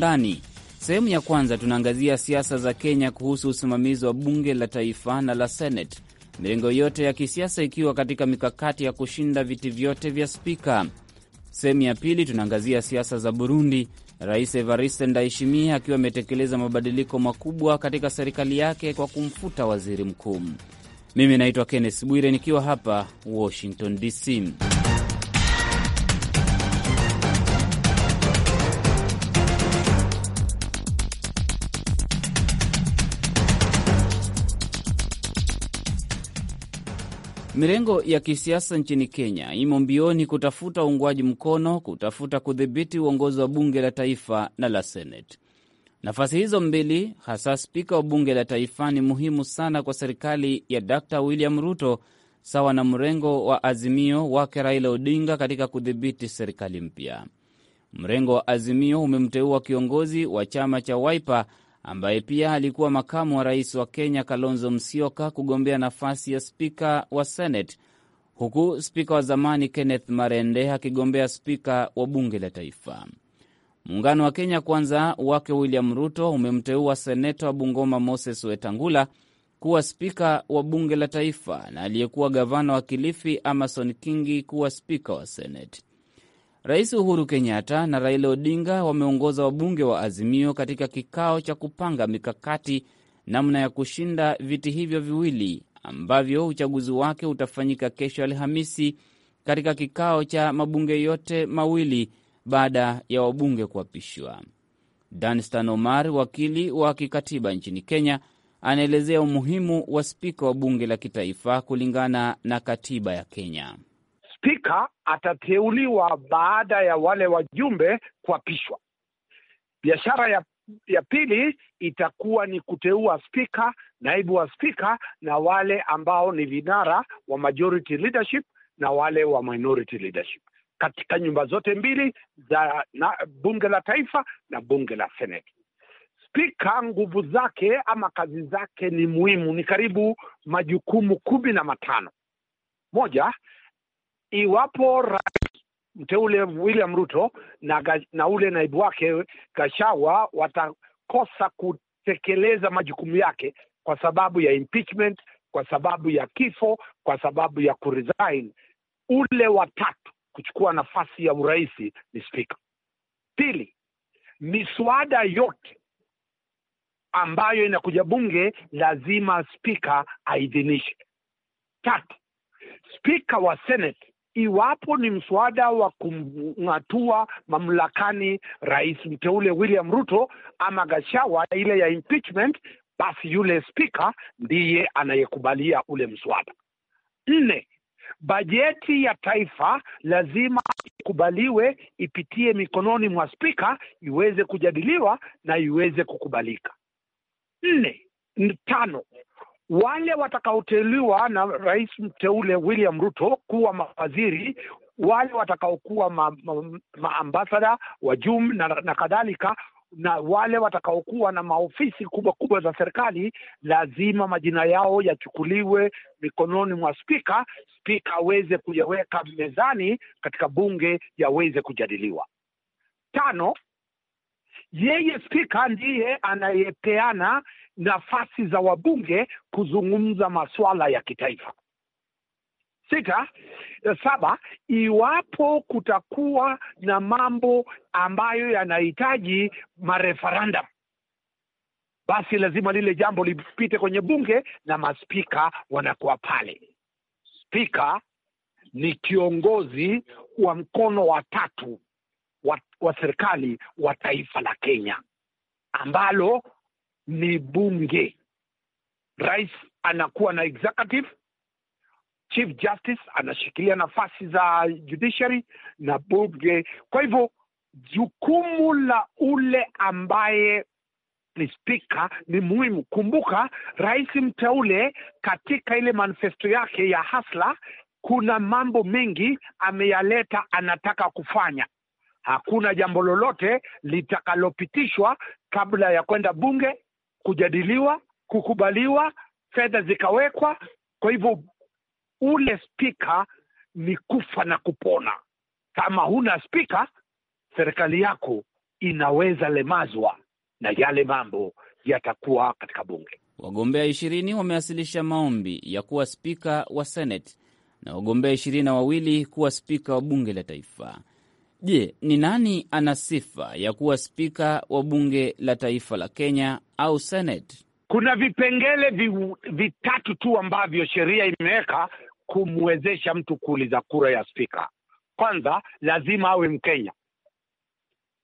undani. Sehemu ya kwanza tunaangazia siasa za Kenya kuhusu usimamizi wa bunge la taifa na la Senate, mirengo yote ya kisiasa ikiwa katika mikakati ya kushinda viti vyote vya spika. Sehemu ya pili tunaangazia siasa za Burundi, Rais Evariste Ndayishimiye akiwa ametekeleza mabadiliko makubwa katika serikali yake kwa kumfuta waziri mkuu. Mimi naitwa Kenneth Bwire nikiwa hapa Washington DC. Mirengo ya kisiasa nchini Kenya imo mbioni kutafuta uungwaji mkono, kutafuta kudhibiti uongozi wa bunge la taifa na la seneti. Nafasi hizo mbili, hasa spika wa bunge la taifa, ni muhimu sana kwa serikali ya Dr William Ruto, sawa na mrengo wa Azimio wake Raila Odinga katika kudhibiti serikali mpya. Mrengo wa Azimio umemteua kiongozi wa chama cha Wiper ambaye pia alikuwa makamu wa rais wa Kenya Kalonzo Musyoka kugombea nafasi ya spika wa Senate, huku spika wa zamani Kenneth Marende akigombea spika wa bunge la taifa. Muungano wa Kenya Kwanza wake William Ruto umemteua seneta wa Bungoma Moses Wetangula kuwa spika wa bunge la taifa na aliyekuwa gavana wa Kilifi Amason Kingi kuwa spika wa Seneti. Rais Uhuru Kenyatta na Raila Odinga wameongoza wabunge wa Azimio katika kikao cha kupanga mikakati namna ya kushinda viti hivyo viwili ambavyo uchaguzi wake utafanyika kesho Alhamisi katika kikao cha mabunge yote mawili baada ya wabunge kuapishwa. Danstan Omar, wakili wa kikatiba nchini Kenya, anaelezea umuhimu wa spika wa bunge la kitaifa kulingana na katiba ya Kenya. Spika atateuliwa baada ya wale wajumbe kuapishwa. Biashara ya, ya pili itakuwa ni kuteua spika, naibu wa spika na wale ambao ni vinara wa majority leadership na wale wa minority leadership katika nyumba zote mbili za na, bunge la taifa na bunge la seneti. Spika nguvu zake ama kazi zake ni muhimu, ni karibu majukumu kumi na matano. Moja, iwapo rais mteule William Ruto na, na ule naibu wake Gachagua watakosa kutekeleza majukumu yake kwa sababu ya impeachment, kwa sababu ya kifo, kwa sababu ya kuresign, ule watatu kuchukua nafasi ya urais ni spika. Pili, miswada yote ambayo inakuja bunge lazima spika aidhinishe. Tatu, spika wa senate iwapo ni mswada wa kumng'atua mamlakani rais mteule William Ruto ama gashawa ile ya impeachment, basi yule spika ndiye anayekubalia ule mswada. Nne, bajeti ya taifa lazima ikubaliwe, ipitie mikononi mwa spika, iweze kujadiliwa na iweze kukubalika. Nne tano, wale watakaoteuliwa na rais mteule William Ruto kuwa mawaziri wale watakaokuwa maambasada ma, ma wajum na, na kadhalika na wale watakaokuwa na maofisi kubwa kubwa za serikali lazima majina yao yachukuliwe mikononi mwa spika, spika aweze kuyaweka mezani katika bunge yaweze kujadiliwa. Tano, yeye spika ndiye anayepeana nafasi za wabunge kuzungumza masuala ya kitaifa. Sita, eh, saba, iwapo kutakuwa na mambo ambayo yanahitaji mareferendum, basi lazima lile jambo lipite kwenye bunge na maspika wanakuwa pale. Spika ni kiongozi wa mkono wa tatu wa, wa serikali wa taifa la Kenya ambalo ni bunge. Rais anakuwa na executive, chief justice anashikilia nafasi za judiciary na bunge. Kwa hivyo jukumu la ule ambaye ni spika ni muhimu. Kumbuka rais mteule katika ile manifesto yake ya hasla, kuna mambo mengi ameyaleta, anataka kufanya. Hakuna jambo lolote litakalopitishwa kabla ya kwenda bunge kujadiliwa, kukubaliwa, fedha zikawekwa. Kwa hivyo ule spika ni kufa na kupona. Kama huna spika, serikali yako inaweza lemazwa na yale mambo yatakuwa katika bunge. Wagombea ishirini wamewasilisha maombi ya kuwa spika wa Senate na wagombea ishirini na wawili kuwa spika wa bunge la taifa. Je, ni nani ana sifa ya kuwa spika wa bunge la taifa la Kenya au seneti? Kuna vipengele vi, vitatu tu ambavyo sheria imeweka kumwezesha mtu kuuliza kura ya spika. Kwanza, lazima awe Mkenya.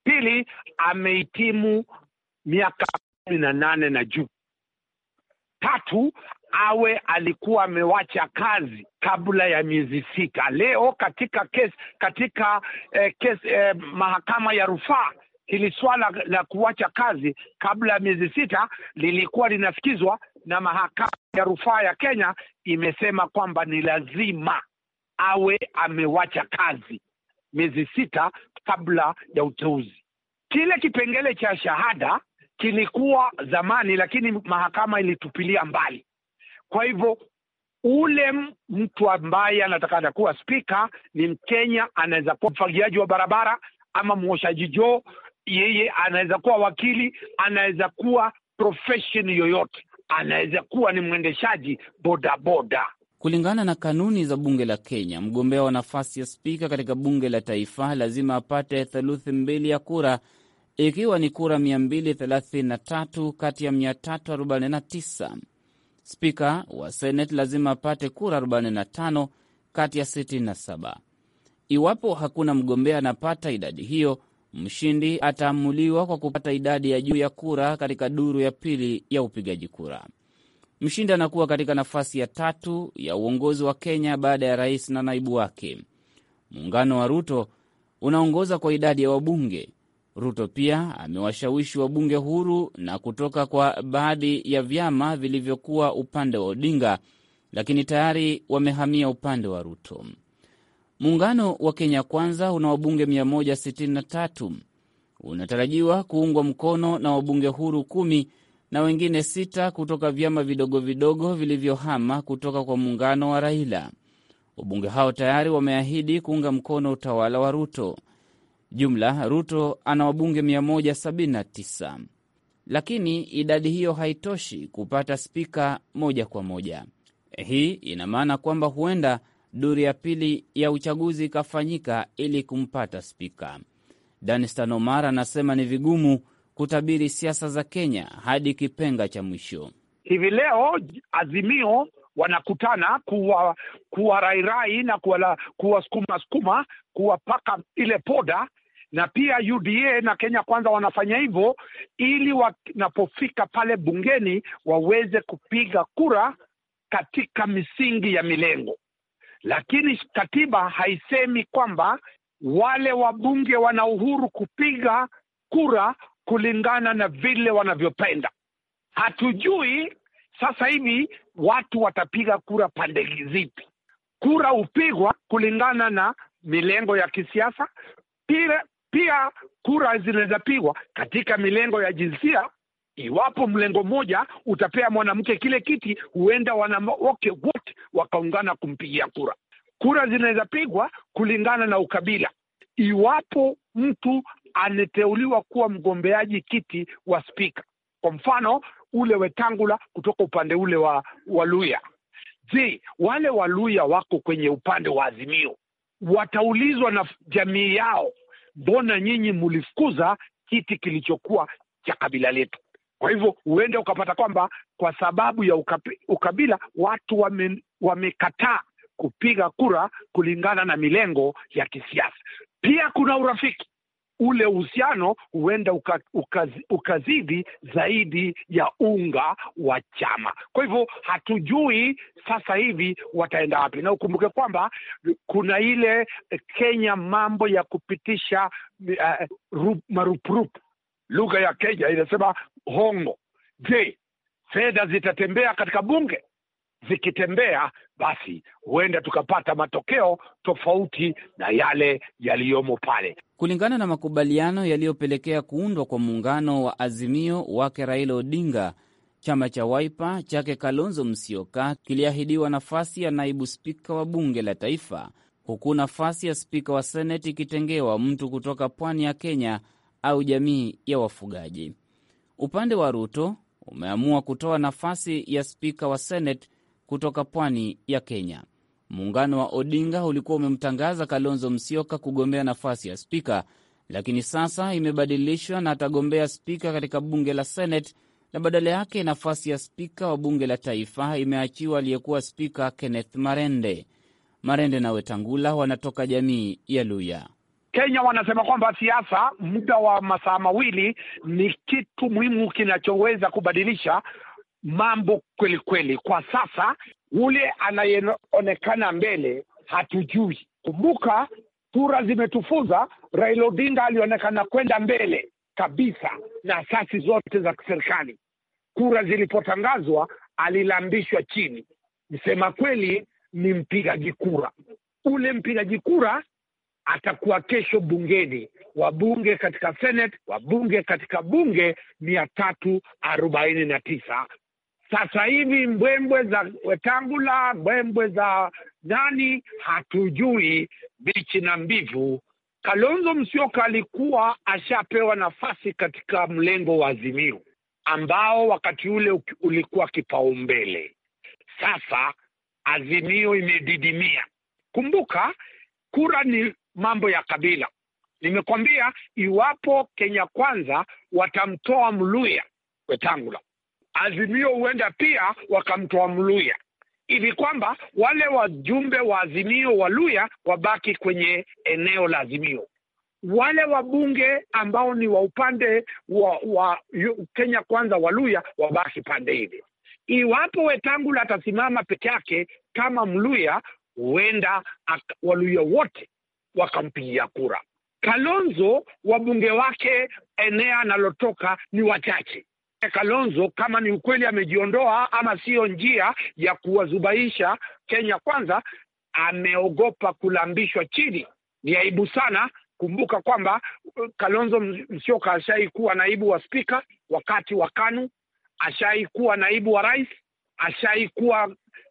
Pili, amehitimu miaka kumi na nane na juu. Tatu, awe alikuwa amewacha kazi kabla ya miezi sita. Leo katika kesi, katika eh, kesi, eh, mahakama ya rufaa hili swala la kuwacha kazi kabla ya miezi sita lilikuwa linasikizwa na mahakama ya rufaa ya Kenya, imesema kwamba ni lazima awe amewacha kazi miezi sita kabla ya uteuzi. Kile kipengele cha shahada kilikuwa zamani, lakini mahakama ilitupilia mbali. Kwa hivyo ule mtu ambaye anataka kuwa spika ni Mkenya, anaweza kuwa mfagiaji wa barabara ama mwoshaji joo, yeye anaweza kuwa wakili, anaweza kuwa profession yoyote, anaweza kuwa ni mwendeshaji bodaboda. Kulingana na kanuni za bunge la Kenya, mgombea wa nafasi ya spika katika bunge la taifa lazima apate theluthi mbili ya kura, ikiwa ni kura 233 kati ya 349 Spika wa senate lazima apate kura 45 kati ya 67. Iwapo hakuna mgombea anapata idadi hiyo, mshindi ataamuliwa kwa kupata idadi ya juu ya kura katika duru ya pili ya upigaji kura. Mshindi anakuwa katika nafasi ya tatu ya uongozi wa Kenya baada ya rais na naibu wake. Muungano wa Ruto unaongoza kwa idadi ya wabunge Ruto pia amewashawishi wabunge huru na kutoka kwa baadhi ya vyama vilivyokuwa upande wa Odinga, lakini tayari wamehamia upande wa Ruto. Muungano wa Kenya Kwanza una wabunge 163 unatarajiwa kuungwa mkono na wabunge huru kumi na wengine sita kutoka vyama vidogo vidogo vilivyohama kutoka kwa muungano wa Raila. Wabunge hao tayari wameahidi kuunga mkono utawala wa Ruto. Jumla, Ruto ana wabunge 179 lakini idadi hiyo haitoshi kupata spika moja kwa moja. Hii ina maana kwamba huenda duru ya pili ya uchaguzi ikafanyika ili kumpata spika. Danistan Omar anasema ni vigumu kutabiri siasa za Kenya hadi kipenga cha mwisho. Hivi leo Azimio wanakutana kuwa kuwarairai na kuwasukuma sukuma kuwapaka ile poda na pia UDA na Kenya Kwanza wanafanya hivyo ili wanapofika pale bungeni waweze kupiga kura katika misingi ya milengo, lakini katiba haisemi kwamba wale wabunge wana uhuru kupiga kura kulingana na vile wanavyopenda. Hatujui sasa hivi watu watapiga kura pande zipi. Kura hupigwa kulingana na milengo ya kisiasa, pia pia kura zinaweza pigwa katika milengo ya jinsia. Iwapo mlengo mmoja utapea mwanamke kile kiti, huenda wanawake wote wakaungana kumpigia kura. Kura zinaweza pigwa kulingana na ukabila. Iwapo mtu anateuliwa kuwa mgombeaji kiti wa spika, kwa mfano ule Wetangula kutoka upande ule wa Waluya. Je, wale Waluya wako kwenye upande wa Azimio wataulizwa na jamii yao mbona nyinyi mlifukuza kiti kilichokuwa cha kabila letu? Kwa hivyo huende ukapata kwamba kwa sababu ya ukapi, ukabila watu wame, wamekataa kupiga kura kulingana na milengo ya kisiasa. Pia kuna urafiki ule uhusiano huenda uka, ukaz, ukazidi zaidi ya unga wa chama. Kwa hivyo hatujui sasa hivi wataenda wapi, na ukumbuke kwamba kuna ile Kenya mambo ya kupitisha eh, uh, marupurup, lugha ya Kenya inasema hongo. Je, fedha zitatembea katika bunge? zikitembea, basi huenda tukapata matokeo tofauti na yale yaliyomo pale. Kulingana na makubaliano yaliyopelekea kuundwa kwa muungano wa Azimio wake Raila Odinga, chama cha waipa chake Kalonzo Musyoka kiliahidiwa nafasi ya naibu spika wa bunge la taifa, huku nafasi ya spika wa seneti ikitengewa mtu kutoka pwani ya Kenya au jamii ya wafugaji. Upande wa Ruto umeamua kutoa nafasi ya spika wa seneti kutoka pwani ya Kenya. Muungano wa Odinga ulikuwa umemtangaza Kalonzo Musyoka kugombea nafasi ya spika, lakini sasa imebadilishwa na atagombea spika katika bunge la Senate, na badala yake nafasi ya spika wa bunge la taifa imeachiwa aliyekuwa spika Kenneth Marende. Marende na Wetangula wanatoka jamii ya Luya. Kenya wanasema kwamba siasa, muda wa masaa mawili ni kitu muhimu kinachoweza kubadilisha mambo kweli kweli. Kwa sasa ule anayeonekana mbele hatujui. Kumbuka kura zimetufunza, Raila Odinga alionekana kwenda mbele kabisa na asasi zote za kiserikali. Kura zilipotangazwa alilambishwa chini. msema kweli, ni mpigaji kura. Ule mpigaji kura atakuwa kesho bungeni, wabunge katika Senate, wabunge katika bunge mia tatu arobaini na tisa sasa hivi mbwembwe za Wetangula, mbwembwe za nani, hatujui bichi na mbivu. Kalonzo Musyoka alikuwa ashapewa nafasi katika mlengo wa Azimio ambao wakati ule ulikuwa kipaumbele. Sasa Azimio imedidimia. Kumbuka kura ni mambo ya kabila. Nimekwambia, iwapo Kenya Kwanza watamtoa Mluya Wetangula Azimio huenda pia wakamtoa Mluya hivi kwamba wale wajumbe wa Azimio wa Luya wabaki kwenye eneo la Azimio. Wale wabunge ambao ni wa upande wa, wa Kenya Kwanza wa Luya wabaki pande hivyo Iwapo Wetangula atasimama peke yake kama Mluya, huenda Waluya wote wakampigia kura. Kalonzo wabunge wake eneo analotoka ni wachache Kalonzo kama ni ukweli amejiondoa ama siyo njia ya kuwazubaisha Kenya kwanza, ameogopa kulambishwa chini. Ni aibu sana. Kumbuka kwamba uh, Kalonzo Musyoka ashaikuwa kuwa naibu wa spika wakati wa KANU, ashai kuwa naibu wa rais, ashai kuwa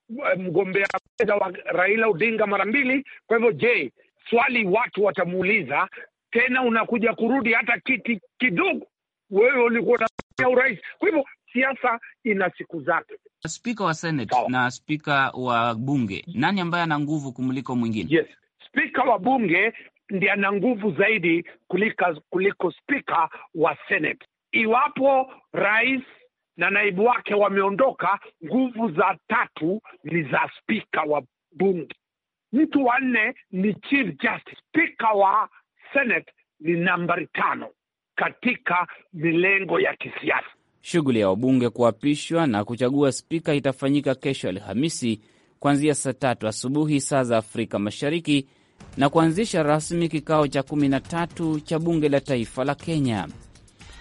uh, mgombea mwenza wa Raila Odinga mara mbili. Kwa hivyo, je, swali watu watamuuliza tena, unakuja kurudi hata kiti kidogo? Wewe ulikuwa ya urais. Kwa hivyo siasa ina siku zake. Spika wa Senate na spika wa bunge, nani ambaye ana nguvu kumliko mwingine? Yes, spika wa bunge ndiye ana nguvu zaidi kulika, kuliko spika wa Senate. Iwapo rais na naibu wake wameondoka, nguvu za tatu ni za spika wa bunge. Mtu wa nne ni chief justice. Spika wa Senate ni nambari tano katika milengo ya kisiasa. Shughuli ya wabunge kuapishwa na kuchagua spika itafanyika kesho Alhamisi kuanzia saa tatu asubuhi saa za Afrika Mashariki na kuanzisha rasmi kikao cha 13 tatu cha bunge la taifa la Kenya.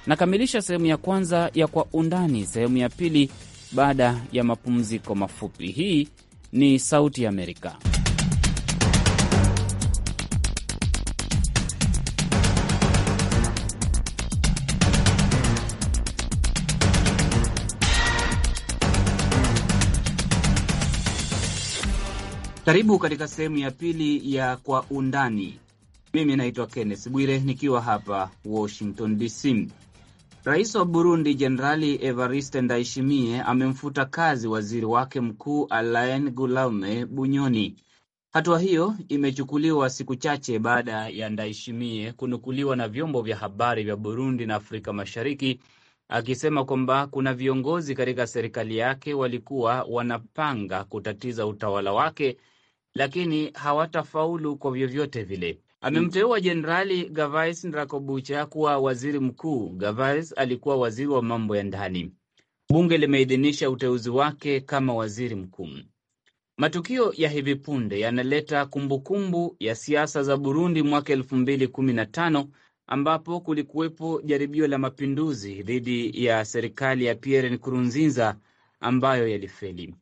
Nakamilisha sehemu ya kwanza ya Kwa Undani. Sehemu ya pili baada ya mapumziko mafupi. Hii ni Sauti ya Amerika. Karibu katika sehemu ya pili ya Kwa Undani. Mimi naitwa Kenneth Bwire nikiwa hapa Washington DC. Rais wa Burundi Jenerali Evariste Ndayishimiye amemfuta kazi waziri wake mkuu Alain Guillaume Bunyoni. Hatua hiyo imechukuliwa siku chache baada ya Ndayishimiye kunukuliwa na vyombo vya habari vya Burundi na Afrika Mashariki akisema kwamba kuna viongozi katika serikali yake walikuwa wanapanga kutatiza utawala wake, lakini hawatafaulu kwa vyovyote vile. Amemteua Jenerali Gavais Ndrakobucha kuwa waziri mkuu. Gavais alikuwa waziri wa mambo ya ndani. Bunge limeidhinisha uteuzi wake kama waziri mkuu. Matukio ya hivi punde yanaleta kumbukumbu ya siasa za Burundi mwaka elfu mbili kumi na tano ambapo kulikuwepo jaribio la mapinduzi dhidi ya serikali ya Pierre Nkurunziza ambayo yalifeli.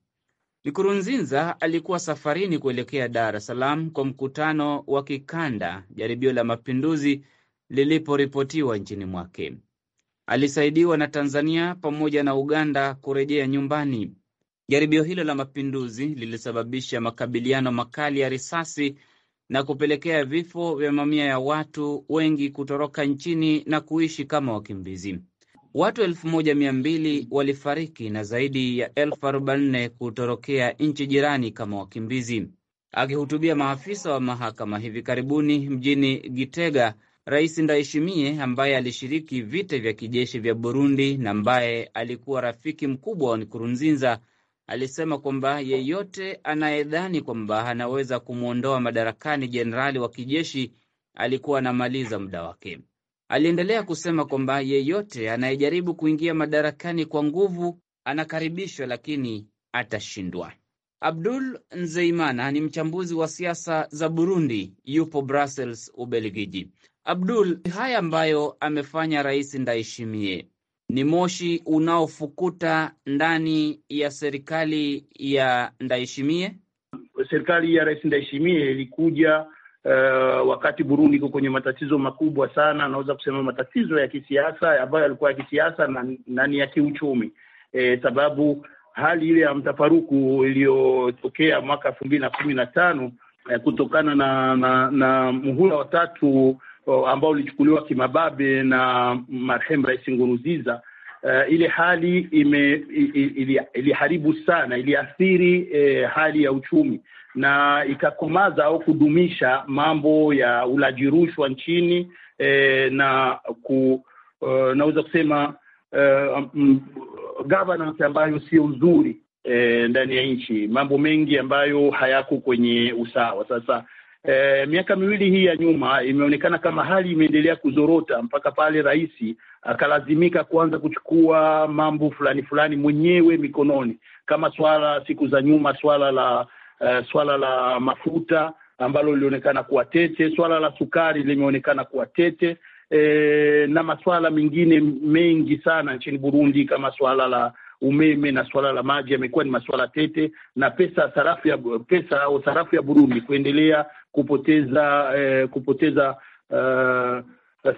Nkurunziza alikuwa safarini kuelekea Dar es Salaam kwa mkutano wa kikanda jaribio la mapinduzi liliporipotiwa nchini mwake. Alisaidiwa na Tanzania pamoja na Uganda kurejea nyumbani. Jaribio hilo la mapinduzi lilisababisha makabiliano makali ya risasi na kupelekea vifo vya mamia ya watu, wengi kutoroka nchini na kuishi kama wakimbizi. Watu elfu moja mia mbili walifariki na zaidi ya elfu arobaini kutorokea nchi jirani kama wakimbizi. Akihutubia maafisa wa mahakama hivi karibuni mjini Gitega, Rais Ndayishimiye ambaye alishiriki vita vya kijeshi vya Burundi na ambaye alikuwa rafiki mkubwa wa Nkurunziza alisema kwamba yeyote anayedhani kwamba anaweza kumwondoa madarakani jenerali wa kijeshi alikuwa anamaliza muda wake. Aliendelea kusema kwamba yeyote anayejaribu kuingia madarakani kwa nguvu anakaribishwa, lakini atashindwa. Abdul Nzeimana ni mchambuzi wa siasa za Burundi, yupo Brussels, Ubelgiji. Abdul, haya ambayo amefanya Rais Ndayishimiye ni moshi unaofukuta ndani ya serikali ya Ndaishimie. Serikali ya Rais Ndaishimie ilikuja Uh, wakati Burundi iko kwenye matatizo makubwa sana, anaweza kusema matatizo ya kisiasa ambayo yalikuwa ya kisiasa na, na ni ya kiuchumi e, sababu hali ile ya mtafaruku iliyotokea mwaka elfu mbili na kumi na tano eh, kutokana na, na, na muhula watatu ambao ulichukuliwa kimababe na marehemu Rais Nkurunziza. Uh, ile hali ime iliharibu sana, iliathiri eh, hali ya uchumi na ikakomaza au kudumisha mambo ya ulaji rushwa nchini eh, na ku, uh, naweza kusema uh, governance ambayo sio nzuri eh, ndani ya nchi, mambo mengi ambayo hayako kwenye usawa. Sasa E, miaka miwili hii ya nyuma imeonekana kama hali imeendelea kuzorota mpaka pale rais akalazimika kuanza kuchukua mambo fulani fulani mwenyewe mikononi, kama swala siku za nyuma, swala la uh, swala la mafuta ambalo lilionekana kuwa tete, swala la sukari limeonekana kuwa tete e, na masuala mengine mengi sana nchini Burundi kama swala la umeme na swala la maji yamekuwa ni masuala tete, na pesa sarafu ya pesa au sarafu ya Burundi kuendelea kupoteza eh, kupoteza uh,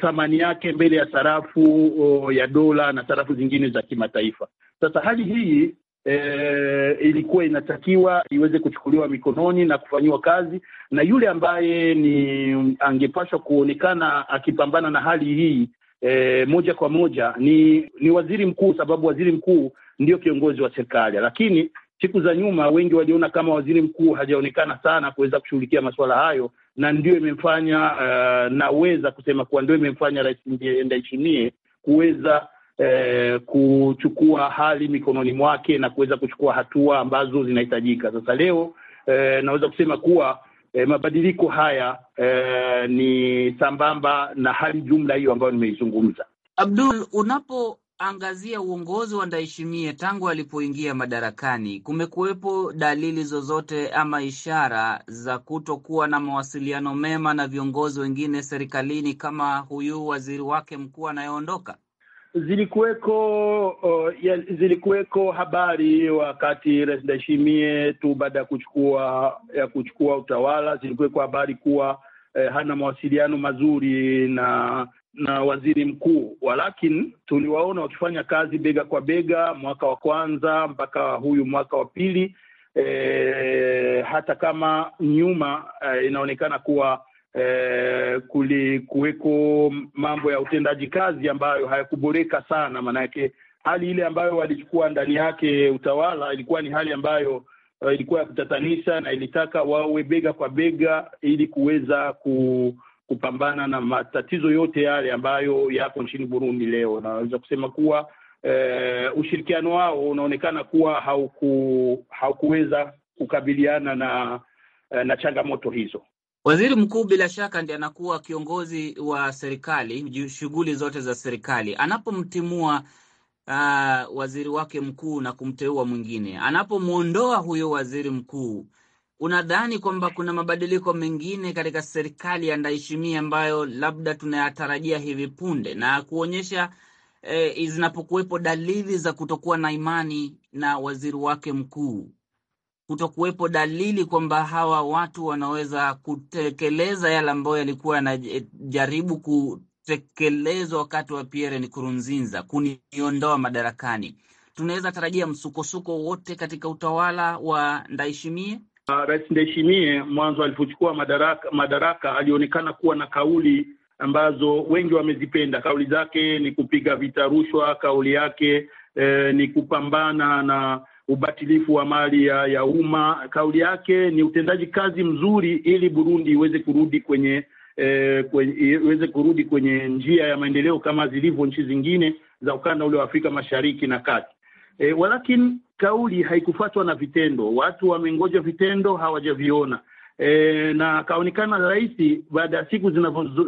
thamani yake mbele ya sarafu oh, ya dola na sarafu zingine za kimataifa. Sasa hali hii eh, ilikuwa inatakiwa iweze kuchukuliwa mikononi na kufanyiwa kazi, na yule ambaye ni angepashwa kuonekana akipambana na hali hii eh, moja kwa moja ni, ni waziri mkuu, sababu waziri mkuu ndio kiongozi wa serikali, lakini Siku za nyuma wengi waliona kama waziri mkuu hajaonekana sana kuweza kushughulikia masuala hayo, na ndio imemfanya uh, naweza kusema kuwa ndio imemfanya Rais Ndayishimiye kuweza Eh, kuchukua hali mikononi mwake na kuweza kuchukua hatua ambazo zinahitajika. Sasa leo eh, naweza kusema kuwa eh, mabadiliko haya eh, ni sambamba na hali jumla hiyo ambayo nimeizungumza. Abdul, unapo angazia uongozi wa Ndayishimiye tangu alipoingia madarakani, kumekuwepo dalili zozote ama ishara za kutokuwa na mawasiliano mema na viongozi wengine serikalini kama huyu waziri wake mkuu anayeondoka? Zilikuweko uh, zilikuweko habari wakati Rais tu baada ya kuchukua ya kuchukua utawala, zilikuweko habari kuwa eh, hana mawasiliano mazuri na na waziri mkuu, walakini tuliwaona wakifanya kazi bega kwa bega mwaka wa kwanza mpaka huyu mwaka wa pili. E, hata kama nyuma e, inaonekana kuwa e, kulikuweko mambo ya utendaji kazi ambayo hayakuboreka sana, maanake hali ile ambayo walichukua ndani yake utawala ilikuwa ni hali ambayo e, ilikuwa ya kutatanisha na ilitaka wawe bega kwa bega ili kuweza ku kupambana na matatizo yote yale ambayo yako nchini Burundi leo, na naweza kusema kuwa e, ushirikiano wao unaonekana kuwa hauku, haukuweza kukabiliana na eh, na changamoto hizo. Waziri mkuu bila shaka ndiye anakuwa kiongozi wa serikali, shughuli zote za serikali. Anapomtimua uh, waziri wake mkuu na kumteua mwingine, anapomwondoa huyo waziri mkuu unadhani kwamba kuna mabadiliko mengine katika serikali ya Ndayishimiye ambayo labda tunayatarajia hivi punde na kuonyesha eh, zinapokuwepo dalili za kutokuwa na imani na waziri wake mkuu, kutokuwepo dalili kwamba hawa watu wanaweza kutekeleza yale ambayo yalikuwa yanajaribu kutekelezwa wakati wa Pierre Nkurunziza kuniondoa madarakani, tunaweza tarajia msukosuko wote katika utawala wa Ndaishimie? Rais Ndeshimie mwanzo alipochukua madaraka, madaraka alionekana kuwa na kauli ambazo wengi wamezipenda. Kauli zake ni kupiga vita rushwa, kauli yake eh, ni kupambana na ubatilifu wa mali ya, ya umma, kauli yake ni utendaji kazi mzuri ili Burundi iweze kurudi kwenye eh, kurudi kwenye njia ya maendeleo kama zilivyo nchi zingine za ukanda ule wa Afrika Mashariki na Kati e, walakin kauli haikufuatwa na vitendo. Watu wamengoja vitendo, hawajaviona e, na akaonekana rais, baada ya siku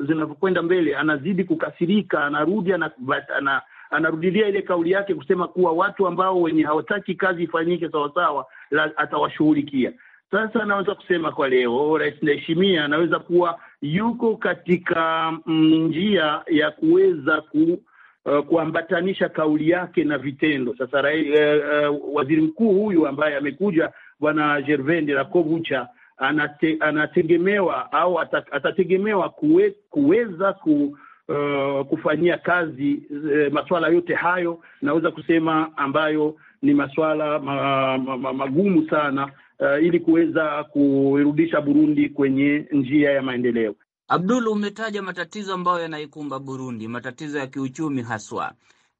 zinavyokwenda mbele, anazidi kukasirika, anarudi ana anarudilia ile kauli yake kusema kuwa watu ambao wenye hawataki kazi ifanyike sawasawa atawashughulikia. Sasa anaweza kusema kwa leo Rais Ndayishimiye anaweza kuwa yuko katika mm, njia ya kuweza ku uh, kuambatanisha kauli yake na vitendo. Sasa uh, uh, waziri mkuu huyu ambaye amekuja bwana Gervais Rakovicha anate, anategemewa au atategemewa kuwe, kuweza ku Uh, kufanyia kazi uh, masuala yote hayo naweza kusema ambayo ni masuala ma, ma, ma, magumu sana uh, ili kuweza kuirudisha Burundi kwenye njia ya maendeleo. Abdul, umetaja matatizo ambayo yanaikumba Burundi, matatizo ya kiuchumi haswa.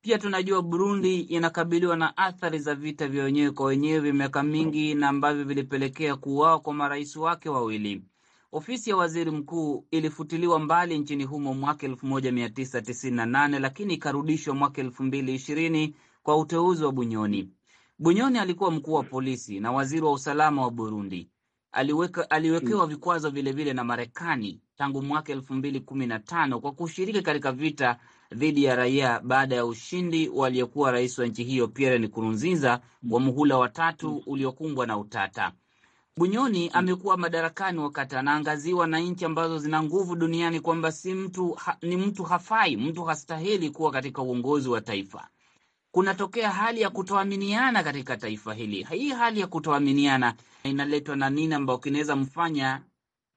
Pia tunajua Burundi inakabiliwa na athari za vita vya wenyewe kwa wenyewe miaka mingi, na ambavyo vilipelekea kuuawa kwa marais wake wawili. Ofisi ya waziri mkuu ilifutiliwa mbali nchini humo mwaka 1998 lakini ikarudishwa mwaka 2020 kwa uteuzi wa Bunyoni. Bunyoni alikuwa mkuu wa polisi na waziri wa usalama wa Burundi aliweka, aliwekewa hmm. vikwazo vilevile na Marekani tangu mwaka elfu mbili kumi na tano kwa kushiriki katika vita dhidi ya raia baada ya ushindi waliyekuwa rais wa nchi hiyo Pierre Nkurunziza wa muhula watatu hmm. uliokumbwa na utata. Bunyoni hmm. amekuwa madarakani wakati anaangaziwa na nchi ambazo zina nguvu duniani kwamba si mtu ha, ni mtu hafai, mtu hastahili kuwa katika uongozi wa taifa kunatokea hali ya kutoaminiana katika taifa hili. Hii hali ya kutoaminiana inaletwa na nini, ambayo kinaweza mfanya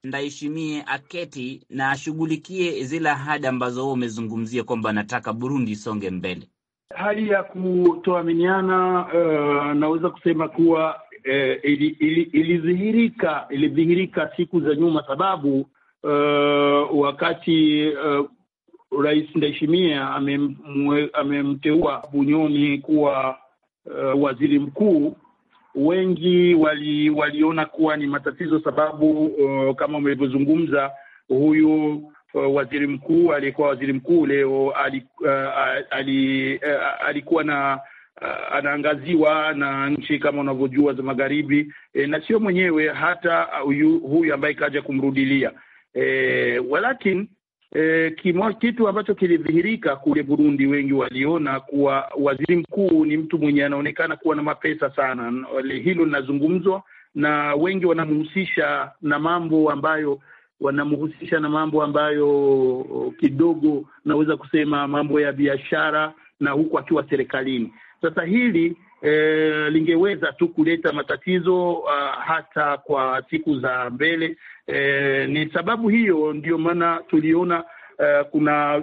Ndaheshimie aketi na ashughulikie zile ahadi ambazo huo umezungumzia kwamba anataka Burundi isonge mbele? Hali ya kutoaminiana uh, naweza kusema kuwa uh, eh, ilidhihirika ili, ili ilidhihirika siku za nyuma, sababu uh, wakati uh, Rais Ndayishimiya amemteua ame Bunyoni kuwa uh, waziri mkuu. Wengi wali, waliona kuwa ni matatizo sababu, uh, kama umelivyozungumza huyu uh, waziri mkuu aliyekuwa waziri mkuu leo ali, uh, ali, uh, alikuwa na uh, anaangaziwa na nchi kama unavyojua za magharibi e, na sio mwenyewe hata huyu, huyu ambaye kaja kumrudilia e, walakini E, kimo, kitu ambacho kilidhihirika kule Burundi, wengi waliona kuwa waziri mkuu ni mtu mwenye anaonekana kuwa na mapesa sana. Hilo linazungumzwa na wengi, wanamhusisha na mambo ambayo wanamhusisha na mambo ambayo kidogo naweza kusema mambo ya biashara, na huku akiwa serikalini. Sasa hili eh, lingeweza tu kuleta matatizo uh, hata kwa siku za mbele. Eh, ni sababu hiyo ndio maana tuliona Uh, kuna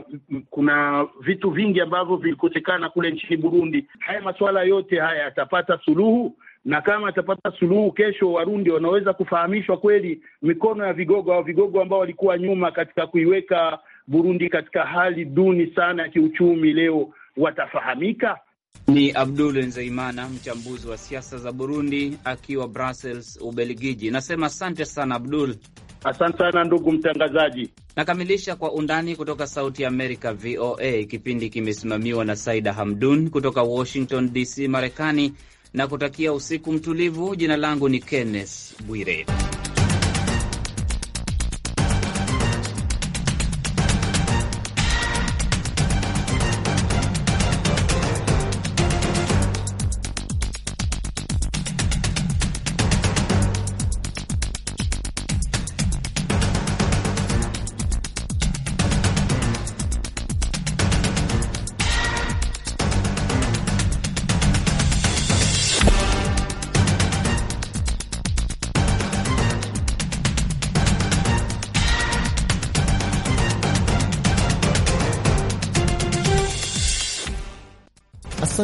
kuna vitu vingi ambavyo vilikosekana kule nchini Burundi. Haya masuala yote haya yatapata suluhu, na kama atapata suluhu, kesho Warundi wanaweza kufahamishwa kweli mikono ya vigogo au vigogo ambao walikuwa nyuma katika kuiweka Burundi katika hali duni sana ya kiuchumi, leo watafahamika ni Abdul Nzeimana, mchambuzi wa siasa za Burundi akiwa Brussels, Ubelgiji. Nasema asante sana Abdul. Asante sana ndugu mtangazaji. Nakamilisha kwa undani kutoka Sauti ya Amerika, VOA. Kipindi kimesimamiwa na Saida Hamdun kutoka Washington DC, Marekani, na kutakia usiku mtulivu. Jina langu ni Kenneth Bwire.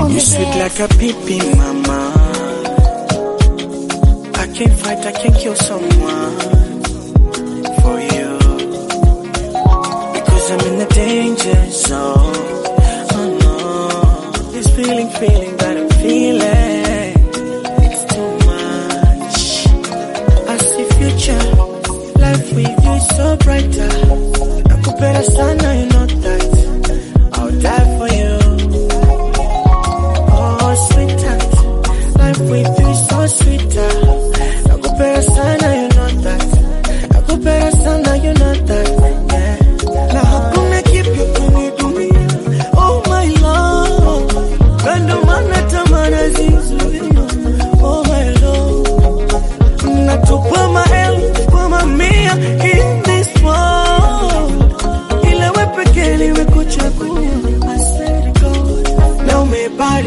on you the sweet like a peepee, mama. I can't fight, I can't kill someone for you. Because I'm in the danger zone. Oh no, this feeling, feeling that I'm feeling. It's too much. I see future, life with you so brighter. I could better sana, you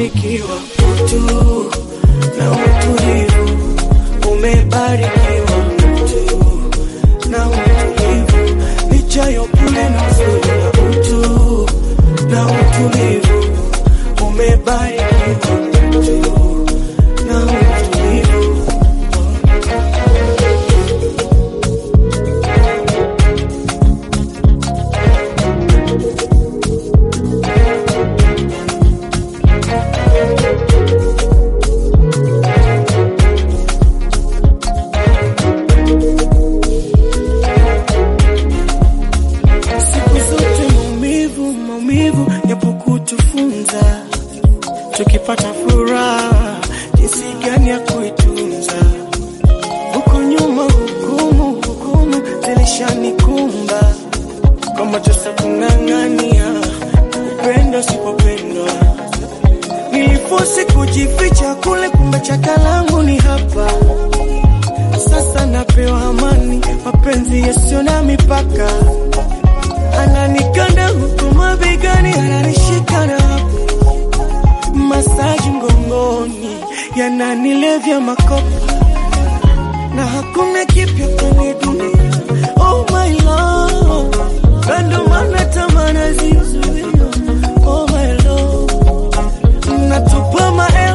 kufanikiwa tu Chaka langu ni hapa sasa, napewa amani, mapenzi yasiyo na mipaka, ananikanda huku mabegani, ananishikana hapo, masaji mgongoni yananilevya makopa, na hakuna kipya kwenye dunia. Oh my love, bado mana tamana zizuio. Oh my love, natupa mael